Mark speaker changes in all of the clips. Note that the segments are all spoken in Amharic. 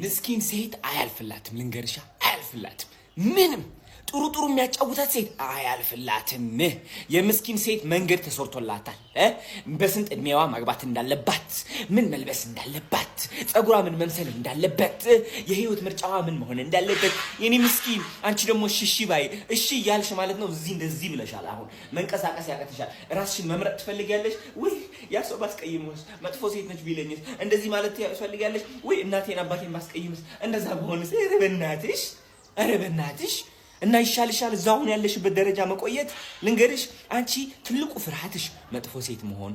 Speaker 1: ምስኪን ሴት አያልፍላትም። ልንገርሻ አያልፍላትም ምንም ጥሩ ጥሩ የሚያጫውታት ሴት አያልፍላትም። የምስኪን ሴት መንገድ ተሰርቶላታል። በስንት እድሜዋ ማግባት እንዳለባት፣ ምን መልበስ እንዳለባት፣ ጸጉሯ ምን መምሰል እንዳለበት፣ የህይወት ምርጫዋ ምን መሆን እንዳለበት። የኔ ምስኪን፣ አንቺ ደግሞ ሽሺ ባይ እሺ እያልሽ ማለት ነው። እዚህ እንደዚህ ብለሻል። አሁን መንቀሳቀስ ያቀትሻል። ራስሽን መምረጥ ትፈልጊያለሽ ወይ? ያ ሰው ባስቀይምስ፣ መጥፎ ሴት ነች ቢለኝስ፣ እንደዚህ ማለት ትፈልጊያለሽ ወይ? እናቴን አባቴን ባስቀይምስ፣ እንደዛ በሆንስ፣ ኧረ በእናትሽ፣ ኧረ በእናትሽ እና ይሻልሻል እዛ አሁን ያለሽበት ደረጃ መቆየት። ልንገርሽ፣ አንቺ ትልቁ ፍርሃትሽ መጥፎ ሴት መሆን።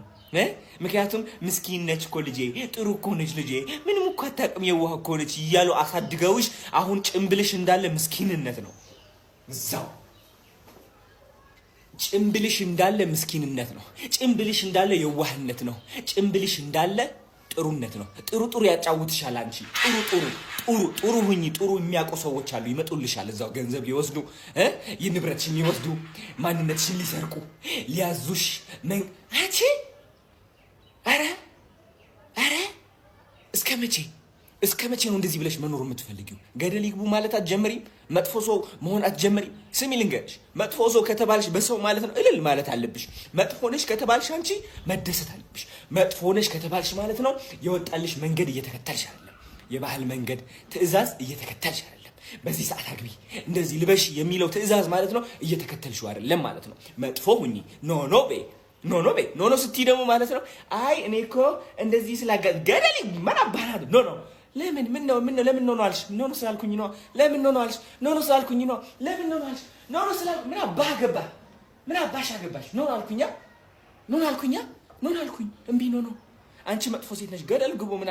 Speaker 1: ምክንያቱም ምስኪን ነች እኮ ልጄ፣ ጥሩ እኮ ነች ልጄ፣ ምንም እኮ አታውቅም፣ የዋህ እኮ ነች እያሉ አሳድገውሽ፣ አሁን ጭንብልሽ እንዳለ ምስኪንነት ነው። እዛው ጭንብልሽ እንዳለ ምስኪንነት ነው። ጭንብልሽ እንዳለ የዋህነት ነው። ጭንብልሽ እንዳለ ጥሩነት ነው። ጥሩ ጥሩ ያጫውትሻል። አንቺ ጥሩ ጥሩ ጥሩ ጥሩ ሁኚ። ጥሩ የሚያውቁ ሰዎች አሉ፣ ይመጡልሻል። እዛው ገንዘብ ሊወስዱ የንብረትሽን ሊወስዱ ማንነትሽን ሊሰርቁ ሊያዙሽ መን አንቺ አረ እስከ መቼ እስከ መቼ ነው እንደዚህ ብለሽ መኖር የምትፈልጊው? ገደል ይግቡ ማለት አትጀምሪም? መጥፎ ሰው መሆን አትጀምሪም? ስሚ ልንገርሽ፣ መጥፎ ሰው ከተባልሽ በሰው ማለት ነው እልል ማለት አለብሽ። መጥፎ ነሽ ከተባልሽ አንቺ መደሰት አለ አለብሽ። መጥፎ ነሽ ከተባልሽ ማለት ነው የወጣልሽ መንገድ እየተከተልሽ አይደለም። የባህል መንገድ ትዕዛዝ እየተከተልሽ አይደለም። በዚህ ሰዓት አግቢ፣ እንደዚህ ልበሽ የሚለው ትዕዛዝ ማለት ነው እየተከተልሽው አይደለም ማለት ነው። መጥፎ ሁኚ ኖ ኖ ቤ ኖ ኖ ቤ ኖ ኖ ስትይ ደግሞ ማለት ነው አይ እኔ እኮ እንደዚህ ስላጋ ገደል መን አባናት ኖ ኖ ለምን ምን ነው ምን ነው ለምን ነው አልሽ? ኖ ኖ ስላልኩኝ ነው። ለምን ኖ ኖ አልሽ? ኖ ኖ ስላልኩኝ ነው። ለምን ኖ ኖ አልሽ? ኖ ኖ ስላልኩኝ ምን አባህ ገባ ምን አባሽ አገባሽ? ኖ ኖ አልኩኛ ኖ ኖ አልኩኛ ምን አልኩኝ? እምቢ ነው ነው። አንቺ መጥፎ ሴት ነሽ፣ ገደል ግቡ። ምን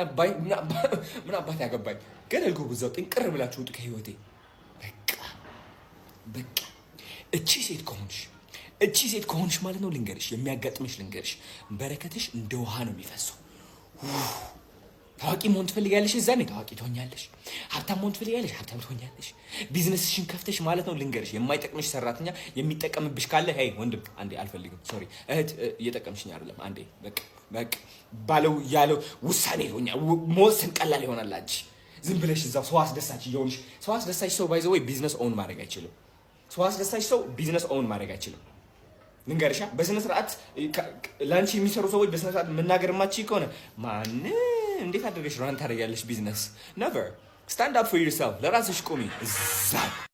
Speaker 1: አባት ያገባኝ፣ ገደል ግቡ። እዛው ጥንቅር ብላችሁ ውጡ ከህይወቴ። በቃ በቃ። እቺ ሴት ከሆንሽ እቺ ሴት ከሆንሽ ማለት ነው፣ ልንገርሽ፣ የሚያጋጥምሽ ልንገርሽ፣ በረከትሽ እንደ ውሃ ነው የሚፈሰው። ታዋቂ መሆን ትፈልጋለሽ፣ እዛኔ ታዋቂ ትሆኛለሽ። ሀብታም መሆን ትፈልጋለሽ፣ ሀብታም ትሆኛለሽ። ቢዝነስሽን ከፍተሽ ማለት ነው። ልንገርሽ፣ የማይጠቅምሽ ሰራተኛ የሚጠቀምብሽ ካለ ይ ወንድም፣ አንዴ አልፈልግም፣ ሶሪ እህት፣ እየጠቀምሽኝ አይደለም፣ አንዴ በቃ በቃ ባለው ያለው ውሳኔ ይሆኛል። መወሰን ቀላል ይሆናል። አንቺ ዝም ብለሽ እዛው ሰው አስደሳች እየሆንሽ ሰው አስደሳች ሰው ባይዘ ወይ ቢዝነስ ኦውን ማድረግ አይችልም። ሰው አስደሳች ሰው ቢዝነስ ኦውን ማድረግ አይችልም። ልንገርሻ፣ በስነስርዓት ስርዓት ለአንቺ የሚሰሩ ሰዎች በስነስርዓት ስርዓት መናገር ማትችይ ከሆነ ማንም እንዴት አድርገሽ ራን ታደርጊያለሽ ቢዝነስ? ነቨር ስታንድ አፕ ፎር ዩርሰልፍ። ለራስሽ ቁሚ እዛ